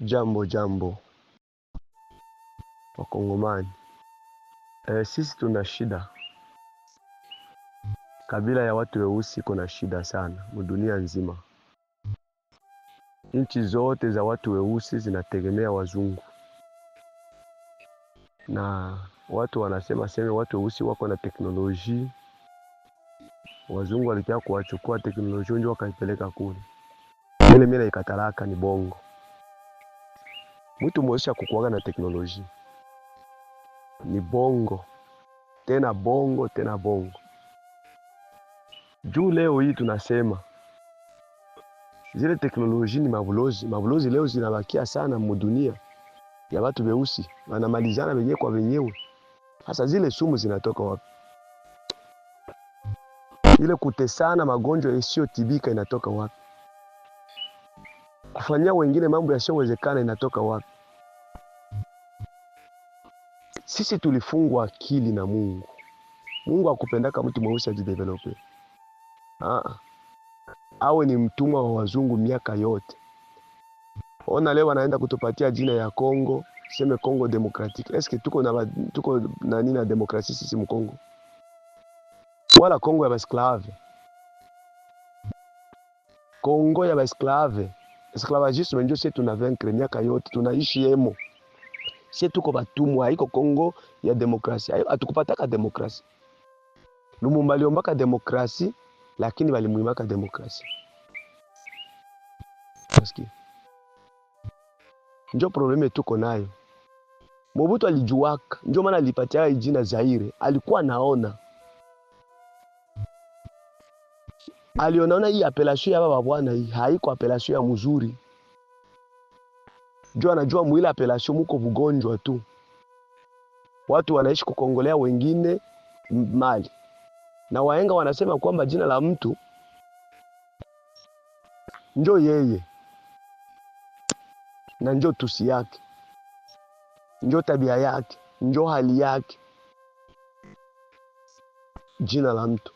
Jambo jambo Wakongomani, e, sisi tuna shida. Kabila ya watu weusi iko na shida sana mudunia nzima. Nchi zote za watu weusi zinategemea wazungu, na watu wanasema seme watu weusi wako na teknolojia, wazungu walitaka kuwachukua teknolojia ndio wakaipeleka kule. Mimi naikatalaka ni bongo mwitu mwoshi akukuaga na teknoloji ni bongo tena bongo tena bongo juu leo hii tunasema zile teknoloji ni mabulozi. Mabulozi leo zinabakia sana mudunia ya batu beusi wanamalizana wenyewe kwa benyewe Hasa zile sumu zinatoka wapi? Ile kutesana, magonjwa yasiyotibika inatoka wapi? kufanyia wengine mambo yasiyowezekana inatoka wapi? Sisi tulifungwa akili na Mungu. Mungu akupendaka mtu mweusi ajidevelope, ah, awe ni mtumwa wa wazungu miaka yote. Ona leo wanaenda kutupatia jina ya Kongo, seme Kongo Democratic. Eske tuko na tuko na nini na demokrasia sisi Mkongo, wala Kongo ya basklave, Kongo ya basklave esclavagisme njo sie tuna tunavainkre miaka yote tunaishi yemo sie tuko batumwa. Haiko Kongo ya demokrasia, atukupataka ah, demokrasi. Lumumba aliombaka demokrasi, lakini balimwimaka demokrasi. Nasikia njo probleme tuko nayo. Mobutu alijuwaka njo maana alipatia jina Zaire, alikuwa naona alionaona hii apelasio ya baba bwana hii haiko apelasio ya mzuri, juu anajua mwile apelasio muko vugonjwa tu, watu wanaishi kukongolea wengine mali, na wahenga wanasema kwamba jina la mtu njo yeye na njo tusi yake, njo tabia yake, njo hali yake, jina la mtu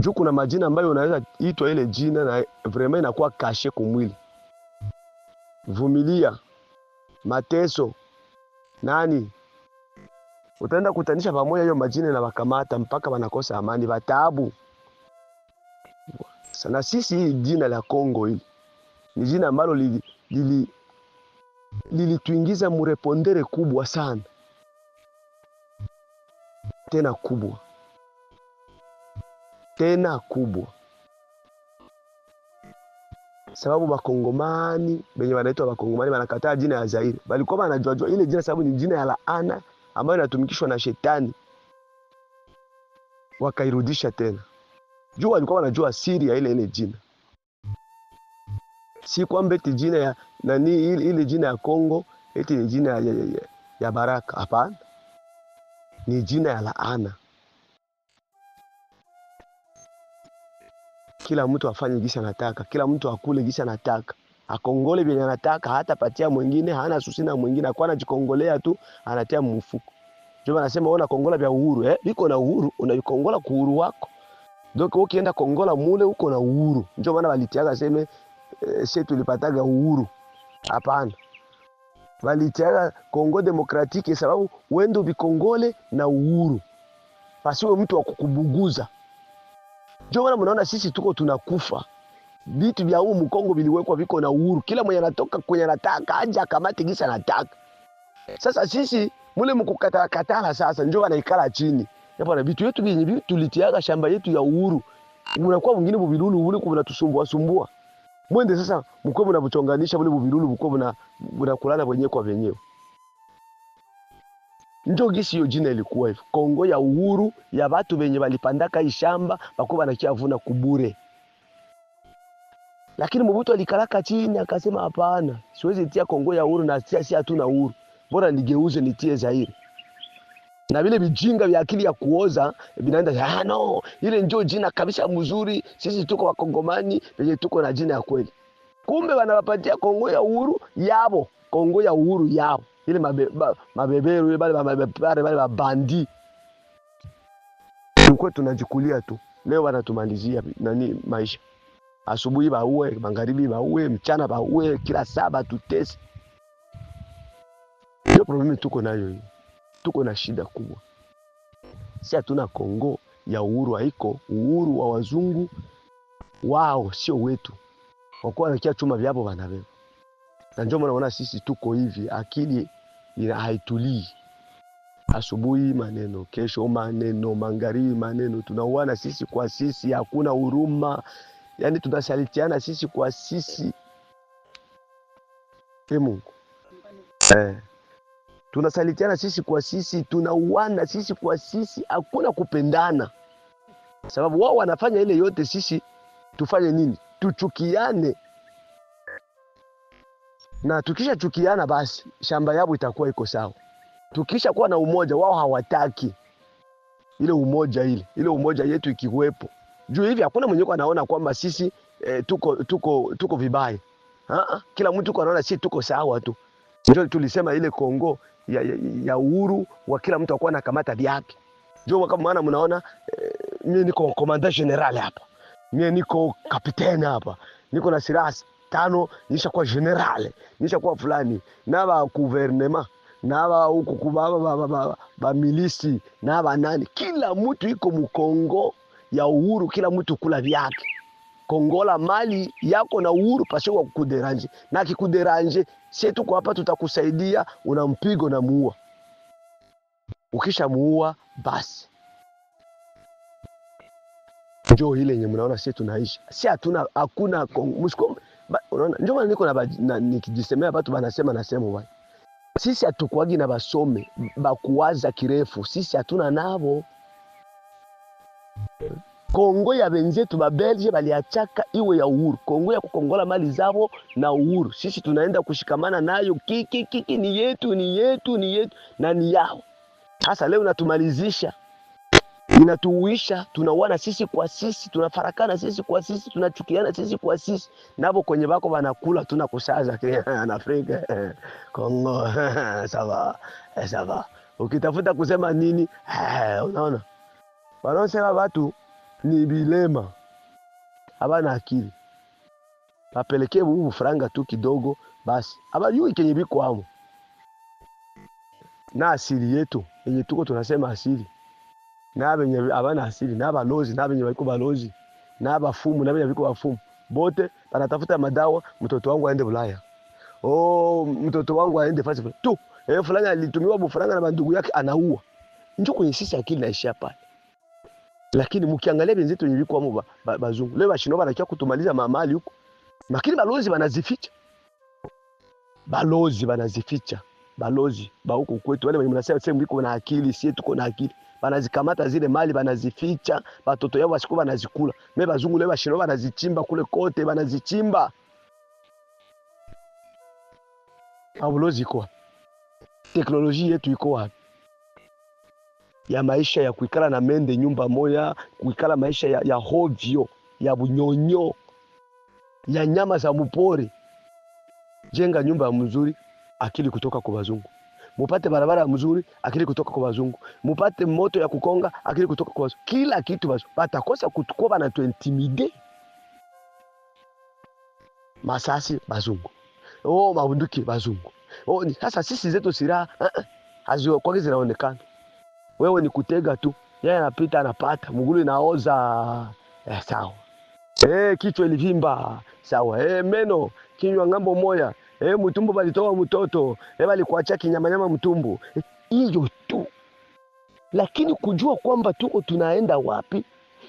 juu kuna majina ambayo unaweza itwa ile jina na vraiment inakuwa kashe kumwili. Vumilia, mateso, nani utaenda kutanisha pamoja hiyo majina na wakamata mpaka wanakosa amani, wataabu sana. Sisi hii jina la Kongo hili ni jina ambalo lili lilituingiza murepondere kubwa sana tena kubwa tena kubwa, sababu bakongomani benye wanaitwa bakongomani wanakataa jina ya Zaire, balikuwa wanajuajua ile jina sababu ni jina ya laana ambayo inatumikishwa na shetani, wakairudisha tena juu walikuwa wanajua siri ya ile ile jina, si kwamba eti jina ya nani ile jina ya Kongo eti ni jina ya, ya, ya, ya baraka. Hapana, ni jina ya laana. kila mtu afanye gisi anataka, kila mtu akule gisi anataka, akongole vyenye anataka, hata patia mwingine, hana susi na mwingine, akwa anajikongolea tu, anatia mfuko. Ndio anasema ona kongola vya uhuru eh, viko na uhuru, unavikongola kwa uhuru wako. Donc ukienda kongola mule uko na uhuru. Ndio maana walitiaga sema eh, sisi tulipataga uhuru. Hapana. Walitiaga Kongo demokratiki sababu wendo vikongole na uhuru. Pasiwe mtu wa kukubuguza. Ndio maana mnaona sisi tuko tunakufa. Vitu vya huu mkongo viliwekwa viko na uhuru, kila mwenye anatoka kwenye anataka aje akamate gisa anataka. Sasa sisi mule mkukatala katala, sasa njoo anaikala chini hapo, na vitu yetu vinyi tulitiaga shamba yetu ya uhuru, unakuwa mwingine buvilulu ule kwa tusumbua sumbua mwende sasa, mkwe mnavochonganisha mule buvilulu mkwe mnakulala wenyewe kwa wenyewe njo gisi hiyo jina ilikuwa hivyo Kongo ya uhuru ya watu wenye walipandaka ishamba bakuwa banakiavuna kubure. Lakini Mobutu alikaraka chini akasema, hapana, siwezi tia Kongo ya uhuru na si hatuna uhuru, bora nigeuze nitie Zaire na vile vijinga vya akili ya kuoza vinaenda ah, no, ile njo jina kabisa mzuri. Sisi tuko wakongomani venye tuko na jina ya kweli, kumbe wanawapatia Kongo ya uhuru yabo, Kongo ya uhuru yabo ile mabeberu ile bale mabandi tulikuwa tunajikulia tu. Leo wanatumalizia nani maisha, asubuhi baue, magharibi baue, mchana baue, kila saba tutesi. Ndio problemi tuko nayo hiyo, tuko na shida kubwa. Si hatuna Kongo ya uhuru, haiko uhuru wa wazungu wao, sio wetu, wakuwa wanakia chuma vyapo vanaveva, na njoo mnaona sisi tuko hivi akili ila haitulii. Asubuhi maneno, kesho maneno, magharibi maneno, tunauana sisi kwa sisi, hakuna huruma, yani tunasalitiana sisi kwa sisi. e Mungu eh, tunasalitiana sisi kwa sisi, tunauana sisi kwa sisi, hakuna kupendana, sababu wao wanafanya ile yote, sisi tufanye nini? Tuchukiane na tukisha chukiana, basi shamba yao itakuwa iko sawa. Tukisha kuwa na umoja, wao hawataki ile umoja, ile ile umoja yetu ikiwepo juu hivi, hakuna mwenye kwa anaona kwamba sisi eh, tuko tuko tuko vibaya. Ah, kila mtu kwa anaona sisi tuko sawa tu. Ndio tulisema ile Kongo ya, ya, ya uhuru wa kila mtu akuwa anakamata vyake. Ndio kama maana mnaona eh, mimi niko komanda general hapa, mimi niko kapiteni hapa, niko na silaha tano nishakuwa generale nishakuwa fulani na ba guvernema na ba huku kubaba ba, ba, ba, ba milisi na ba nani, kila mtu iko mukongo ya uhuru, kila mtu kula vyake Kongola mali yako na uhuru pasio wa kukuderanje, na kikuderanje sie tuko hapa, tutakusaidia. Una mpigo na muua, ukisha muua basi njoo ile yenye mnaona sie tunaishi, si hatuna hakuna msikom unaona, ndio maana niko nikijisemea watu nasema sisi hatukuagi na basome bakuwaza kirefu, sisi hatuna nabo Kongo ya benzetu babelge baliachaka iwe ya uhuru, Kongo ya kukongola mali zao na uhuru. Sisi tunaenda kushikamana nayo kiki kiki, ni yetu ni yetu ni yetu na ni yao. Sasa leo natumalizisha inatuuisha, tunauana sisi kwa sisi, tunafarakana sisi kwa sisi, tunachukiana sisi kwa sisi, navo kwenye bako banakula tunakusaza na Afrika Kongo sava sava, eh, ukitafuta kusema nini? Eh, unaona wanaosema watu ni bilema, habana akili, bapelekee bubu franga tu kidogo basi, abayui kenye biko amo na asili yetu yenye tuko tunasema asili n'abenye abana asili naba n'abalozi n'abenye baiko balozi naba n'abafumu n'abenye biko bafumu bote banatafuta madawa, mtoto wangu aende Bulaya. Oh, mtoto wangu aende fasi tu eh, fulani alitumiwa bufaranga na bandugu yake anaua. njoo kwenye sisi akili naishia pale. Lakini mkiangalia benzetu ilikuwa mu bazungu. Ba, Leo bashino banakia kutumaliza mamali huko. Lakini balozi banazificha. Balozi banazificha. Balozi ba huko kwetu wale wenye mnasema sema mliko na akili, sisi tuko na akili banazikamata zile mali banazificha, batoto yao basiku banazikula. Me bazungu leo bashino banazichimba kule kote, banazichimba abulozi kwa teknolojia yetu iko wapi? ya maisha ya kuikala na mende nyumba moya, kuikala maisha ya, ya hovyo ya bunyonyo ya nyama za mupori. Jenga nyumba ya mzuri, akili kutoka kwa wazungu mupate barabara mzuri, akili kutoka kwa wazungu, mupate moto ya kukonga, akili kutoka kwa wazungu, kila kitu wazungu. Batakosa kutukuwa banatuintimide masasi bazungu, oh mabunduki bazungu. Oh, sasa sisi zetu silaha uh, eh, kizi eh, zinaonekana, wewe ni kutega tu, yeye anapita anapata mgulu inaoza eh, sawa eh, kichwa ilivimba sawa eh, meno kinywa ng'ambo moya eh, mtumbu walitoa mtoto e, eh, balikuacha kinyamanyama mtumbu hiyo tu, lakini kujua kwamba tuko tunaenda wapi,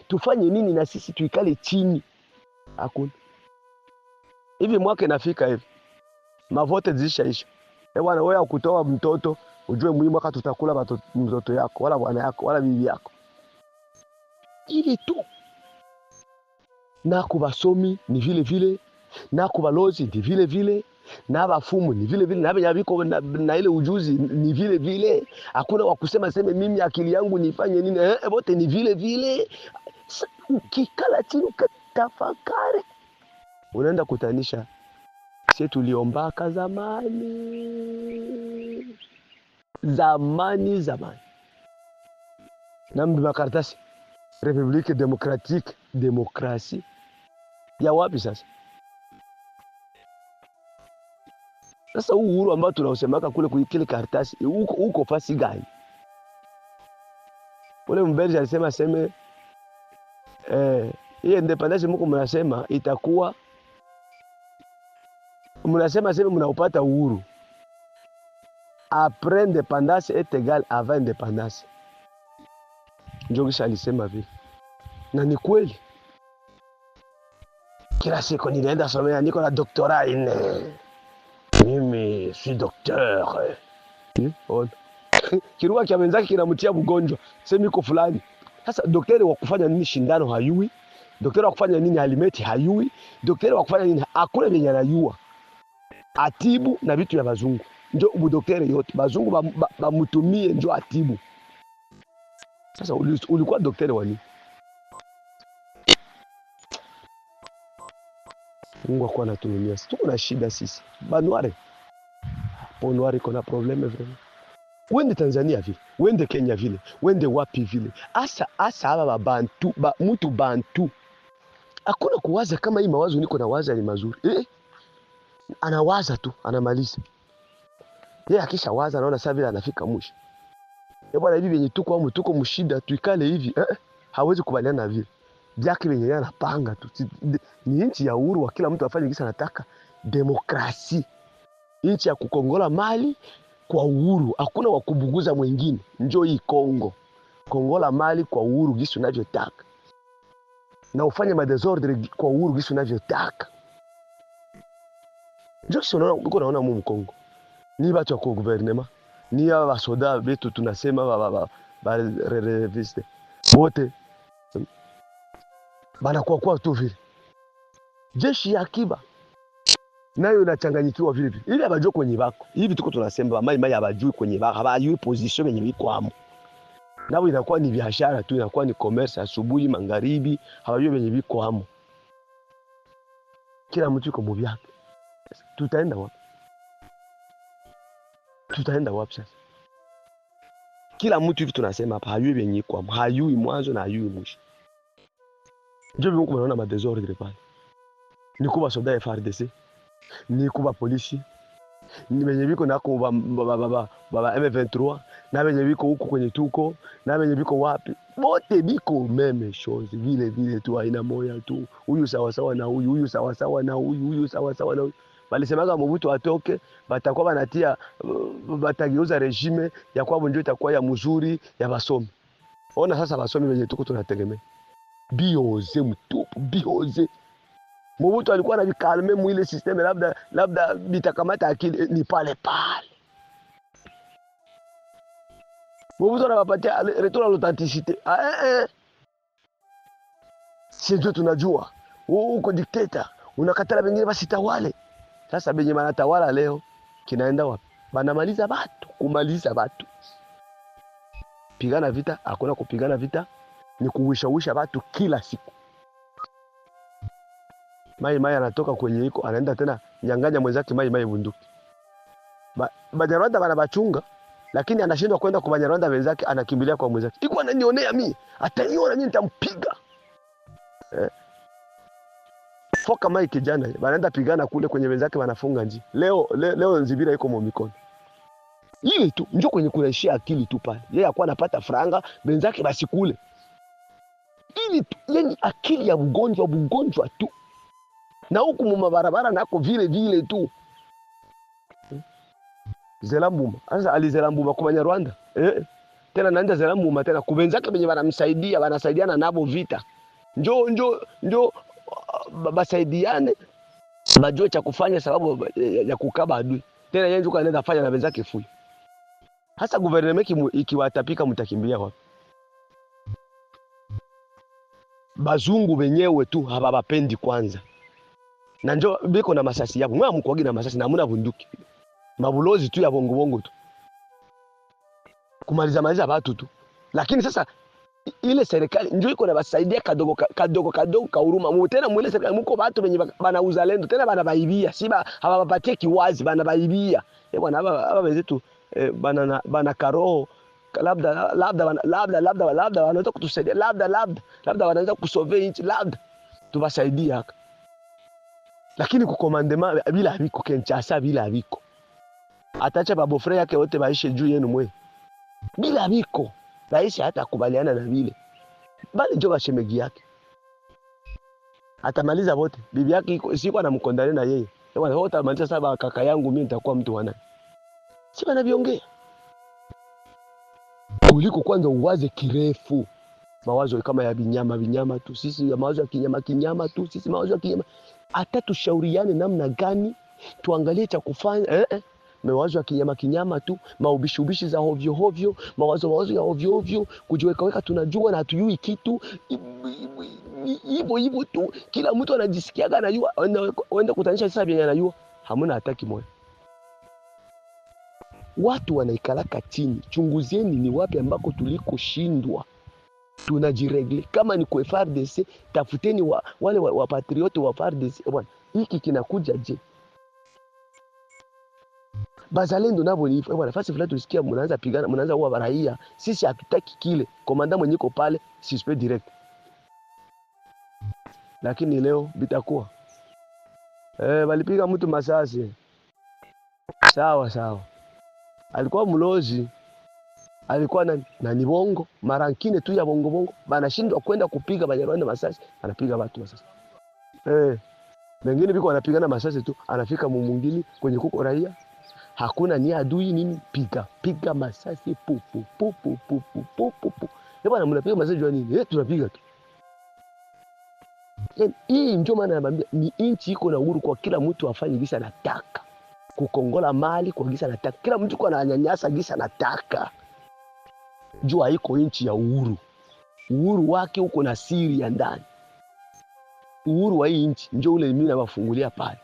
tufanye nini, na sisi tuikale chini, hakuna hivi. Mwaka inafika hivi, mavote zishaisha eh, bwana wewe ukutoa mtoto ujue muhimu mwaka tutakula mtoto yako wala bwana yako wala bibi yako, ili tu na kubasomi ni vile vile na kubalozi ni vile vile na wafumu ni vile vile, na venye viko na, na ile ujuzi ni vile vile. Hakuna wa kusema seme mimi akili yangu nifanye nini eh, eh wote ni vile vile. Ukikala chini ukatafakari, unaenda kutanisha sisi tuliombaka zamani zamani zamani nambi makaratasi Republique Democratique demokrasi ya wapi sasa? Sasa huu uhuru ambao tunausemaka kule kile karatasi uko, uko fasi gani? Ule mbelji alisema aseme eh, hii independence mko mnasema itakuwa mnasema sema mnaupata uhuru après independence est egal avant independance. Njogisha alisema vile, na ni kweli. Kila siku ninaenda somea, niko na doktora ine mimi si doktor eh. kya kiruka cha mwenzake kinamtia mgonjwa, sema fulani. Sasa daktari wa kufanya nini shindano hayui, daktari wa kufanya nini alimeti hayui, daktari wa kufanya nini hakuna vyenye anayua atibu na vitu vya bazungu njo ubudokteri yote bazungu bamutumie ba, ba njo atibu. Sasa ulikuwa daktari wa nini? Mungu akuwa anatuhurumia. Si tuko na shida sisi banware ponware kuna probleme vrema, wende Tanzania vile, wende Kenya vile, wende wapi vile, asa asa aba babantu ba, mtu bantu hakuna kuwaza kama hii mawazo niko na waza ni mazuri eh? Anawaza tu anamaliza yeye, akisha waza anaona sasa vile anafika mwisho. Eh, bwana, hivi venye tuko au tuko mshida tuikale hivi eh? Hawezi kubaliana na vile vyake venye yeye anapanga tu. Ni nchi ya uhuru wa kila mtu afanye kisa anataka, demokrasi, nchi ya kukongola mali kwa uhuru, hakuna wakubuguza mwingine. Njoo hii Kongo, kongola mali kwa uhuru gisi unavyotaka na ufanye madesordre kwa uhuru gisi unavyotaka. Njo kisi uko naona mu Kongo ni batu ya guvernema ni wa basoda betu tunasema ba, ba, ba, ba, reviste bote banakuakuwa tu vile. Jeshi ya akiba nayo inachanganyikiwa vile vile, ili abajue kwenye bako hivi, tuko tunasema ba mai mai abajue kwenye bako, haba yui position yenye iko hapo, nao inakuwa ni biashara tu, inakuwa ni commerce, asubuhi magharibi, hawajui yenye iko hapo. Kila mtu yuko mbivu yake, tutaenda wapi? Tutaenda wapi sasa? Kila mtu hivi tunasema hapa, hayui yenye iko hapo, hayui mwanzo na hayui mwisho ndio vile unaona madesordre pale, ni kuba soda euh, ya FARDC, ni kuba polisi, ni benye biko nako ba M23 na benye biko huko kwenye tuko na benye biko wapi, bote biko meme shozi vile vile tu, aina moya tu, huyu sawa na huyu, huyu sawa na huyu, huyu sawa na huyu balisemaga Mobutu atoke, batakuwa banatia batageuza regime ya kwabo ndio itakuwa ya mzuri ya basomi. Ona sasa basomi wenye tuko tunategemea bioze mtupu, bioze. Mobutu alikuwa anajikalme mwile sisteme, labda labda bitakamata akili eh, ni pale pale. Mobutu anawapatia retour à l'authenticité. Ah, eh, eh. Si ndio tunajua uko dikteta, unakatala bengine basi tawale. Sasa benye manatawala leo kinaenda wapi? Banamaliza batu, kumaliza batu. Pigana vita, hakuna kupigana vita ni kuwishawisha watu kila siku. Mai Mai anatoka kwenye iko anaenda tena nyang'anya mwenzake Mai Mai bunduki. Ba, Banyarwanda wanabachunga lakini anashindwa kwenda kwa Banyarwanda wenzake, anakimbilia kwa mwenzake. Iko ananionea mimi, ataniona mimi nitampiga. Eh. Foka Mai kijana wanaenda pigana kule kwenye wenzake wanafunga nji. Leo le, leo Nzibira iko mumikono. Hii tu njoo kwenye kunaishia akili tu pale. Yeye akuwa anapata franga, wenzake basi kule akili tu, yani akili ya mgonjwa mgonjwa tu, na huku mumabarabara nako vile vile tu. Zelambuma anza alizelambuma kumanya Rwanda eh, tena naenda zelambuma tena kubenzaka benye banamsaidia banasaidiana nabo vita, njo njo njo uh, basaidiane bajue cha kufanya sababu eh, ya kukaba adui tena, yeye ndio kanaenda fanya na benzake fuyu Hasa guverneme ikiwatapika, mtakimbia wapi? bazungu wenyewe tu hababapendi kwanza, na njo biko na masasi yabo mwa mkwagi na masasi na muna bunduki mabulozi tu ya bongo bongo tu kumaliza maliza batu tu, lakini sasa ile serikali njo iko na basaidia kadogo kadogo kadogo ka huruma mu tena mwele serikali muko batu wenye bana uzalendo tena bana baibia siba hababapatie kiwazi bana baibia e eh, bwana haba haba wenzetu eh, bana bana karoho labda labda labda labda labda wanaweza kutusaidia, labda labda labda wanaweza kusolve nchi, labda tubasaidia haka. Lakini kukomandema bila viko Kinshasa, bila viko atacha babofre yake wote baishi juu yenu mwe, bila viko raisi hata kubaliana na vile bali njo bashemegi yake atamaliza wote. Bibi yake siko anamkondane na yeye, wanaota atamaliza. Sasa kaka yangu mimi nitakuwa mtu wana si wanavyoongea kuliko kwanza uwaze kirefu mawazo kama ya binyama binyama tu, sisi ya mawazo ya kinyama kinyama tu, sisi mawazo ya kinyama. Hata tushauriane namna gani, tuangalie cha kufanya eh, eh. Mawazo ya kinyama kinyama tu, maubishi ubishi za hovyo hovyo, mawazo mawazo ya hovyo hovyo, kujiweka weka tunajua na hatujui kitu hivyo hivyo tu, kila mtu anajisikiaga anajua, anaenda kutanisha sasa vyenye anajua, hamna hata kimoja watu wanaikalaka chini, chunguzieni ni wapi ambako tulikoshindwa tunajiregle. Kama ni kwa FARDC, tafuteni wa, wale wa, wa, wa FARDC. Bwana, hiki kinakuja je? Bazalendo nabo ni bwana, fasi fulani tulisikia mnaanza pigana, mnaanza kuwa raia. Sisi hatutaki kile komanda mwenye iko pale suspect direct, lakini leo bitakuwa eh, walipiga mtu masasi sawa sawa alikuwa mlozi, alikuwa na, na ni bongo mara nyingine tu ya bongo bongo, banashindwa kwenda kupiga Banyarwanda masasi, anapiga watu masasi eh, mengine biko anapigana masasi tu, anafika mumungini kwenye kuko raia, hakuna ni adui nini, piga piga masasi pu pu pu pu pu pu pu pu, pupu, hebu eh, anamlapiga masasi jua nini? Eh, tunapiga tu eh, hii ndio maana anamwambia ni nchi iko na uhuru kwa kila mtu afanye gisa anataka kukongola mali kwa gisa nataka, kila mtu kwa ananyanyasa gisa nataka. Jua haiko nchi ya uhuru, uhuru wake uko na siri ya ndani. Uhuru wa hii nchi njo ule mimi nawafungulia pale,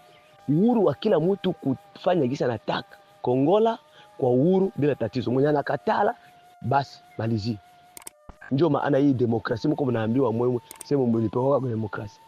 uhuru wa kila mtu kufanya gisa nataka, kongola kwa uhuru bila tatizo. Mwenye anakatala basi malizi. Ndio maana hii demokrasia, mko mnaambiwa mwewe sema mlipewa kwa demokrasi